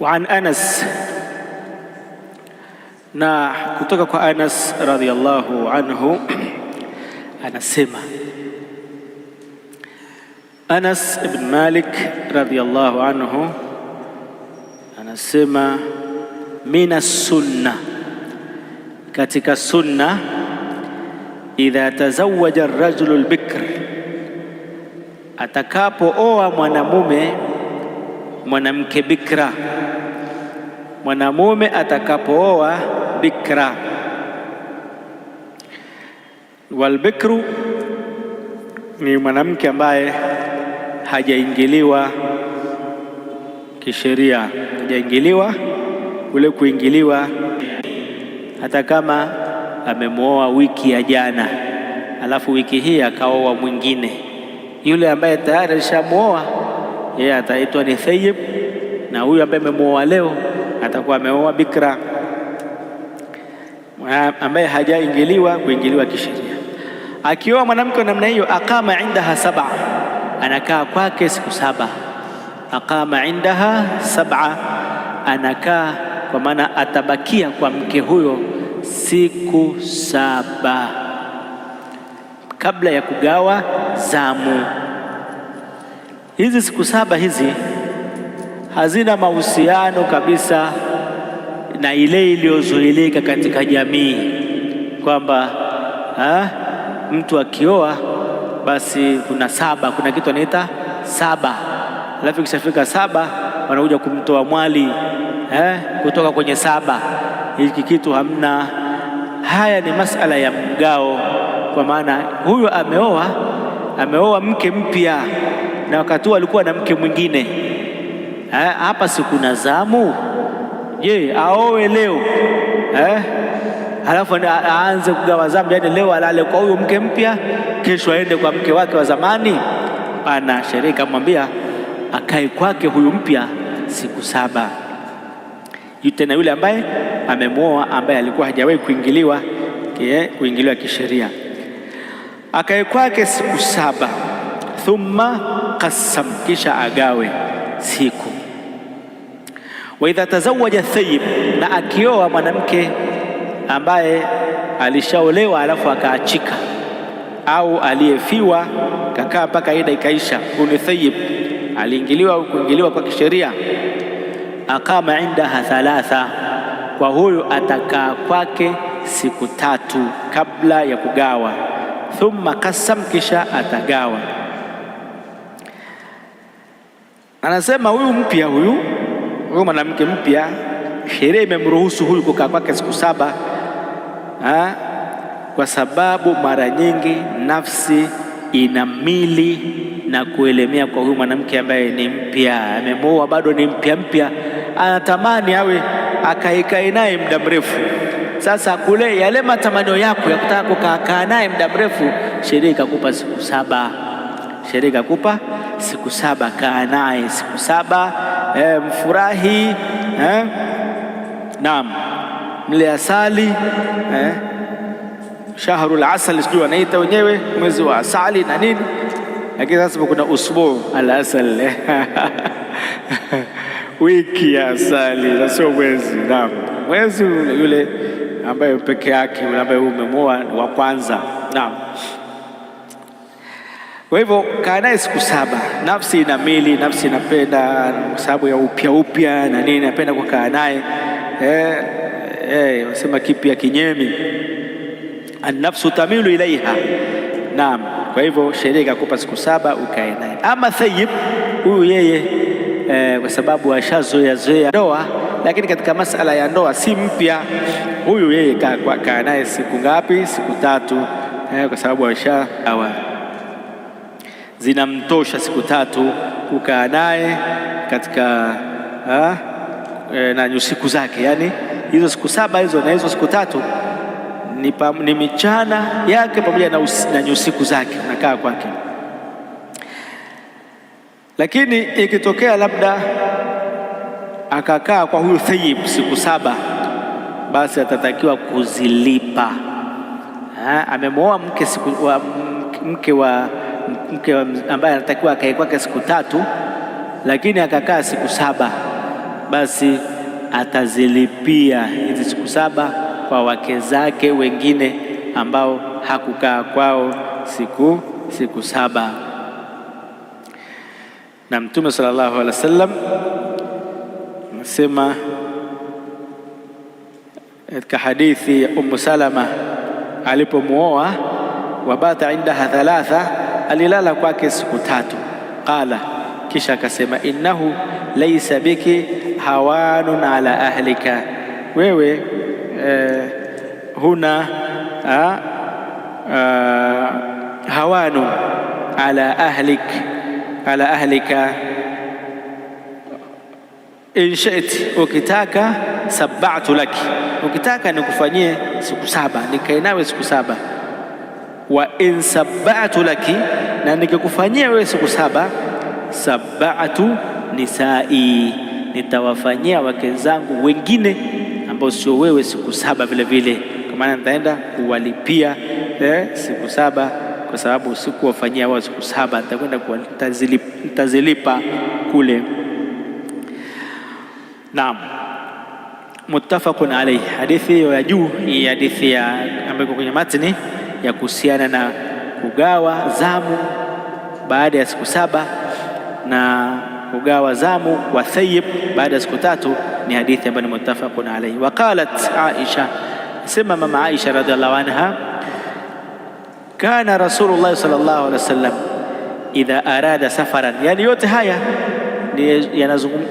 Waan Anas, na kutoka kwa Anas radhiyallahu anhu anasema, Anas ibn Malik radhiyallahu anhu anasema, mina sunna, katika sunna, idha tazawaja ar-rajulu al-bikr, atakapooa mwanamume mwanamke bikra mwanamume atakapooa bikra. Walbikru ni mwanamke ambaye hajaingiliwa kisheria, hajaingiliwa kule kuingiliwa, hata kama amemwoa wiki ya jana, alafu wiki hii akaoa mwingine, yule ambaye tayari alishamwoa yeye ataitwa ni thayyib, na huyu ambaye amemwoa leo atakuwa ameoa bikra ambaye hajaingiliwa kuingiliwa kisheria. Akioa mwanamke wa namna hiyo, aqama indaha saba, anakaa kwake siku saba. Aqama indaha saba, anakaa kwa maana atabakia kwa mke huyo siku saba kabla ya kugawa zamu. Hizi siku saba hizi hazina mahusiano kabisa na ile iliyozuilika katika jamii kwamba mtu akioa basi kuna saba, kuna kitu anaita saba, alafu ikishafika saba wanakuja kumtoa mwali eh, kutoka kwenye saba. Hiki kitu hamna. Haya ni masala ya mgao, kwa maana huyo ameoa ameoa mke mpya, na wakati huo alikuwa na mke mwingine. Ha, hapa si kuna zamu Je, aowe leo eh? Halafu aanze kugawa zambi, yani leo alale kwa huyu mke mpya, kesho aende kwa mke wake wa zamani? Pana, sheria ikamwambia akae kwake huyu mpya siku saba. Tena yule ambaye amemwoa ambaye alikuwa hajawahi kuingiliwa eh, kuingiliwa kisheria, akae kwake siku saba, thumma kasam, kisha agawe siku wa idha tazawaja thayib, na akioa mwanamke ambaye alishaolewa alafu akaachika au aliyefiwa kakaa mpaka ida ikaisha, huyu ni thayib, aliingiliwa au kuingiliwa kwa kisheria. Akama indaha thalatha, kwa huyu atakaa kwake siku tatu kabla ya kugawa. Thumma kasam, kisha atagawa. Anasema huyu mpya huyu huyo mwanamke mpya, sheria imemruhusu huyu kukaa kwake siku saba ha? Kwa sababu mara nyingi nafsi ina mili na kuelemea kwa huyu mwanamke ambaye ni mpya, amemwoa bado ni mpya mpya, anatamani awe akaikae naye muda mrefu. Sasa kule yale matamanio yako ya kutaka kukaakaa naye muda mrefu, sheria ikakupa siku saba, sheria ikakupa siku saba, kaa naye siku saba e, mfurahi eh, naam, mle asali eh, shahrul asali, sijui wanaita wenyewe mwezi wa asali na nini, lakini sasa kuna usbu al asal eh. wiki ya asali, na sio mwezi. Naam, mwezi yule ambaye peke yake ambaye umemwoa wa kwanza. Naam. Kwa hivyo kaa naye siku saba. Nafsi ina mili, nafsi inapenda kwa sababu ya upya upya na nini, napenda kukaa naye eh, eh, wasema kipya kinyemi, annafsu tamilu ilaiha. Naam, kwa hivyo sheria ikakupa siku saba ukae naye. Ama thayyib huyu yeye eh, kwa sababu ashazoeazoea ndoa, lakini katika masala ya ndoa si mpya huyu, yeye kaa naye siku ngapi? Siku tatu eh, kwa sababu asha zinamtosha siku tatu kukaa naye katika e, na nyusiku zake, yani hizo siku saba hizo na hizo siku tatu ni, ni michana yake pamoja na, na nyusiku zake nakaa kwake. Lakini ikitokea labda akakaa kwa huyu thayyib siku saba, basi atatakiwa kuzilipa. Amemwoa mke, mke wa mke ambaye anatakiwa akae kwake siku tatu, lakini akakaa siku saba, basi atazilipia hizi siku saba kwa wake zake wengine ambao hakukaa kwao siku, siku saba. Na Mtume sallallahu alaihi wasallam anasema katika hadithi ya Ummu Salama alipomwoa, wabata indaha thalatha alilala kwake siku tatu. Qala, kisha akasema, innahu laisa biki hawanun ala ahlika, wewe eh, huna ah, ah, eh, hawanu ala ahlik ala ahlika inshit, ukitaka sabatu laki, ukitaka nikufanyie siku saba nikae nawe siku saba wa in sabatu laki, na nikikufanyia wewe siku saba, sabatu nisai, nitawafanyia wake zangu wengine ambao sio wewe siku saba vile vile, kwa maana nitaenda kuwalipia eh, siku saba, kwa sababu sikuwafanyia wao siku saba, nitakwenda nitazilipa kule. Naam, muttafaqun alayhi. Hadithi hiyo ya juu, hii hadithi ya ambayo kwenye matni ya kuhusiana na kugawa zamu baada ya siku saba na kugawa zamu wa thayib baada ya siku tatu ni hadithi ambayo ni muttafaqun alayhi. Waqalat Aisha, sema mama Aisha radhiallahu anha, kana Rasulullah sallallahu alaihi wasallam idha arada safaran. Yani yote haya ni,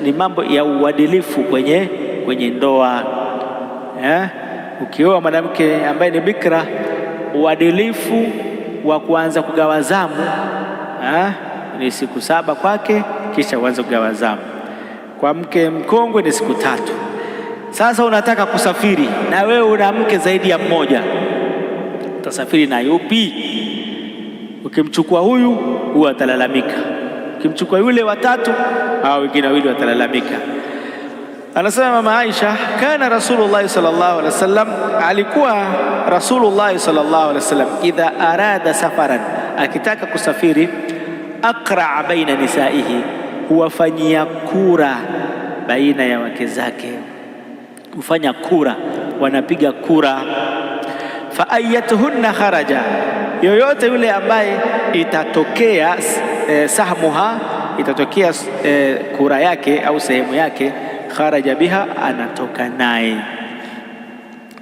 ni mambo ya uadilifu kwenye, kwenye ndoa eh? Ukioa mwanamke ambaye ni bikra uadilifu wa kuanza kugawa zamu eh, ni siku saba kwake, kisha uanze kugawa zamu. Kwa mke mkongwe ni siku tatu. Sasa unataka kusafiri na wewe una mke zaidi ya mmoja, utasafiri na yupi? Ukimchukua huyu huwa atalalamika, ukimchukua yule watatu, hao wengine wawili watalalamika. Anasema mama Aisha, kana Rasulullahi sallallahu alaihi wasallam, alikuwa Rasulullahi sallallahu alaihi wasallam idha arada safaran, akitaka kusafiri, aqraa baina nisaihi, huwafanyia kura baina ya wake zake, hufanya kura, wanapiga kura. Fa ayatuhunna kharaja, yoyote yule ambaye itatokea eh, sahmuha, itatokea eh, kura yake au sehemu yake kharaja biha, anatoka naye.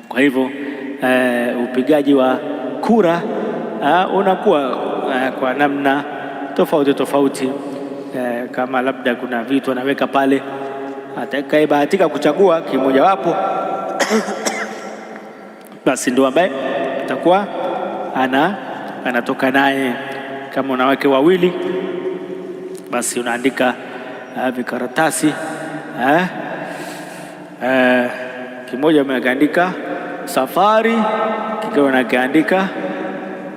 Kwa hivyo uh, upigaji wa kura uh, unakuwa uh, kwa namna tofauti tofauti uh, kama labda kuna vitu anaweka pale, atakayebahatika kuchagua kimojawapo basi ndio ambaye atakuwa ana anatoka naye. Kama wanawake wawili, basi unaandika vikaratasi eh? Eh, kimoja umekiandika safari, kingine unakiandika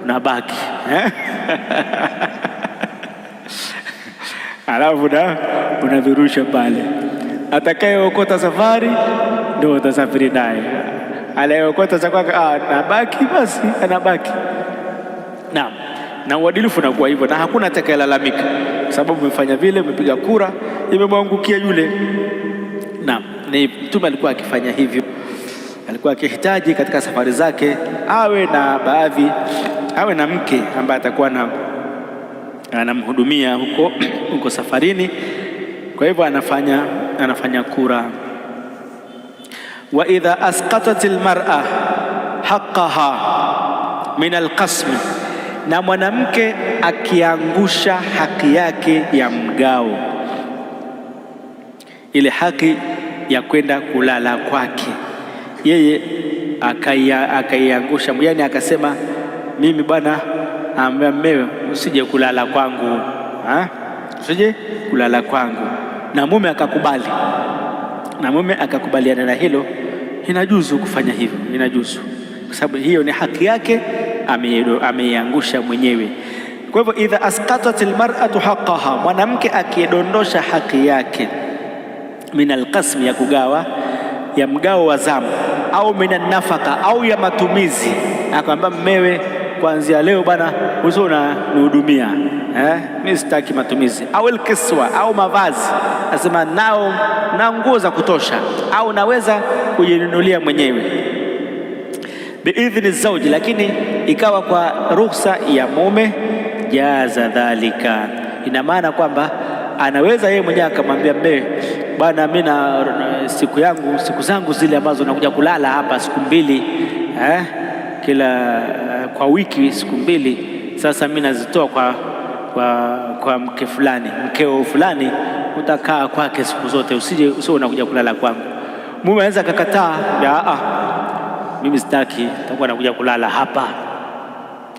unabaki eh? Alafu na unavirusha pale, atakayeokota safari ndio utasafiri naye, anayeokota za kwake anabaki, ah, basi anabaki. na na uadilifu unakuwa hivyo, na hakuna atakayelalamika sababu umefanya vile, umepiga kura imemwangukia yule. na ni mtume alikuwa akifanya hivyo, alikuwa akihitaji katika safari zake awe na baadhi, awe na mke ambaye atakuwa na anamhudumia huko huko safarini. Kwa hivyo anafanya anafanya kura. wa idha asqatat almar'a haqqaha min alqasmi na mwanamke akiangusha haki yake ya mgao, ile haki ya kwenda kulala kwake, yeye akaiangusha, yaani akasema, mimi bwana, ambaye mmewe usije kulala kwangu ha? usije kulala kwangu, na mume akakubali, na mume akakubaliana na hilo, inajuzu kufanya hivyo, inajuzu kwa sababu hiyo ni haki yake ameiangusha mwenyewe. Kwa hivyo, idha askatat almar'atu haqqaha, mwanamke akidondosha haki yake, min alqasmi, ya kugawa ya mgao wa zamu, au min nafaka, au ya matumizi, akamwambia mmewe kuanzia leo bana, uso unanihudumia eh, mimi sitaki matumizi, au alkiswa au mavazi, nasema nao na nguo za kutosha, au naweza kujinunulia mwenyewe biidhni zauji, lakini ikawa kwa ruhusa ya mume, jaza dhalika, ina maana kwamba anaweza yeye mwenyewe akamwambia mume, bwana, mimi na eh, siku yangu siku zangu zile ambazo nakuja kulala hapa siku mbili eh, kila eh, kwa wiki siku mbili, sasa mimi nazitoa kwa, kwa, kwa mke fulani, mkeo fulani utakaa kwake siku zote, usije usio unakuja kulala kwangu. Mume anaweza akakataa, mimi sitaki, nitakuwa nakuja kulala hapa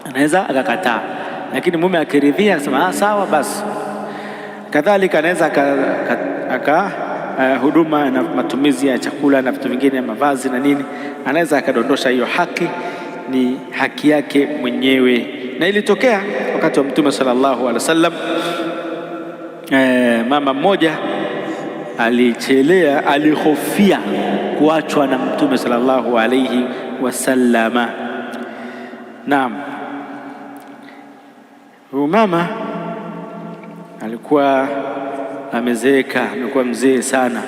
anaweza akakataa, lakini mume akiridhia akasema ah, sawa basi. Kadhalika anaweza aka Uh, huduma na matumizi ya chakula na vitu vingine, mavazi na nini, anaweza akadondosha hiyo haki, ni haki yake mwenyewe. Na ilitokea wakati wa Mtume sallallahu alaihi wasallam, eh, mama mmoja alichelea, alihofia kuachwa na Mtume sallallahu alaihi wasallama. Naam. Huyu mama alikuwa amezeeka, amekuwa mzee sana,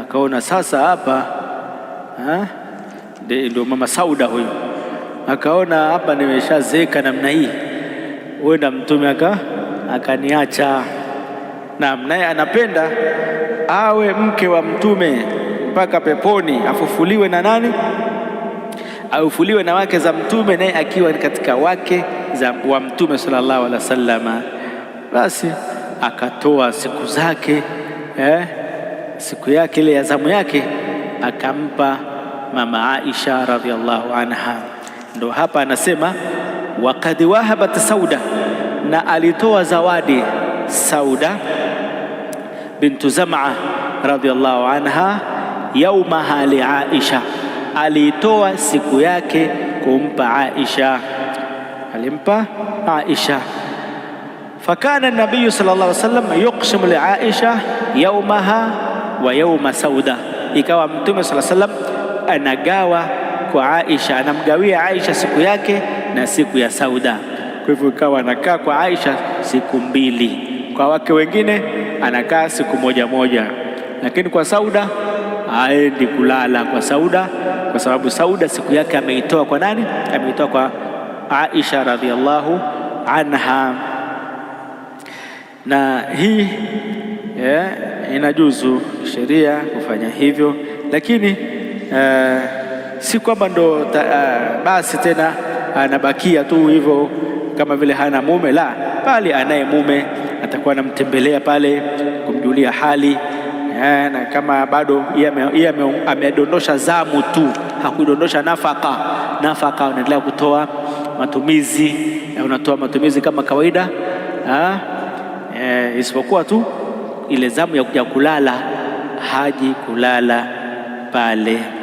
akaona sasa hapa ndio mama Sauda huyu akaona hapa nimeshazeeka namna hii, huenda mtume aka akaniacha. Naam, naye anapenda awe mke wa mtume mpaka peponi, afufuliwe na nani, afufuliwe na wake za mtume, naye akiwa katika wake za wa Mtume sallallahu alaihi wasallam. Basi akatoa siku zake eh, siku yake ile ya zamu yake akampa mama Aisha radhiallahu anha. Ndo hapa anasema waqad wahabat Sauda, na alitoa zawadi Sauda bintu Zam'a radhiallahu anha yaumaha li Aisha, alitoa siku yake kumpa Aisha alimpa Aisha. Fakana nabiyu sallallahu alaihi wasallam yuqsimu li Aisha yaumaha wa yauma Sauda, ikawa mtume sallallahu alaihi wasallam anagawa kwa Aisha, anamgawia Aisha siku yake na siku ya Sauda. Kwa hivyo ikawa anakaa kwa Aisha siku mbili, kwa wake wengine anakaa siku moja moja, lakini kwa Sauda aendi kulala kwa Sauda kwa sababu Sauda siku yake ameitoa kwa nani? Ameitoa kwa Aisha radhiallahu anha, na hii yeah, inajuzu sheria kufanya hivyo, lakini uh, si kwamba ndo ta, uh, basi tena anabakia tu hivyo kama vile hana mume, la, bali anaye mume atakuwa anamtembelea pale kumjulia hali yeah, na kama bado yeye amedondosha zamu tu, hakudondosha nafaka. Nafaka anaendelea kutoa matumizi eh, unatoa matumizi kama kawaida eh, isipokuwa tu ile zamu ya kuja kulala haji kulala pale.